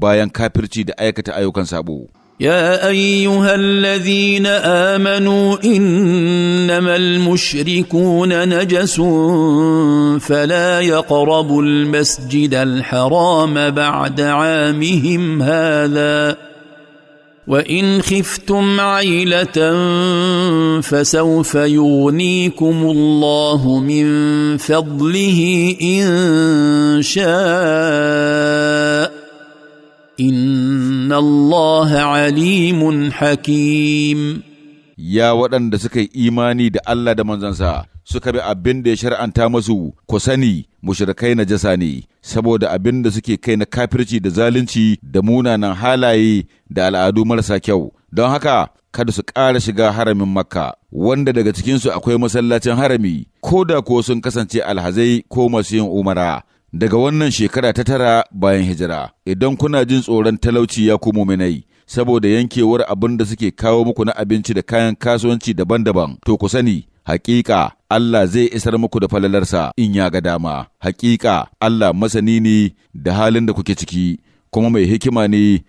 bayan kafirci da aikata ayyukan sabo يا ايها الذين امنوا انما المشركون نجس فلا يقربوا المسجد الحرام بعد عامهم هذا وان خفتم عيله فسوف يغنيكم الله من فضله ان شاء ان الله عليم حكيم يا waɗanda suka yi imani da Allah da manzansa suka bi abin da ya shar'anta masu ku sani mushrikai najasa ne saboda abin da suke kai na kafirci da zalunci da munanan halaye da al'adu marasa kyau don haka kada su ƙara shiga haramin makka wanda daga cikinsu akwai masallacin harami ko da ko sun kasance alhazai ko masu yin umara daga wannan shekara ta tara bayan hijira, idan kuna jin tsoron talauci ya ku muminai, saboda yankewar abin da suke kawo muku na abinci da kayan kasuwanci daban-daban, to ku sani, hakika Allah zai isar muku da falalarsa in ya ga dama, hakika Allah masani ne da halin da kuke ciki, kuma mai hikima ne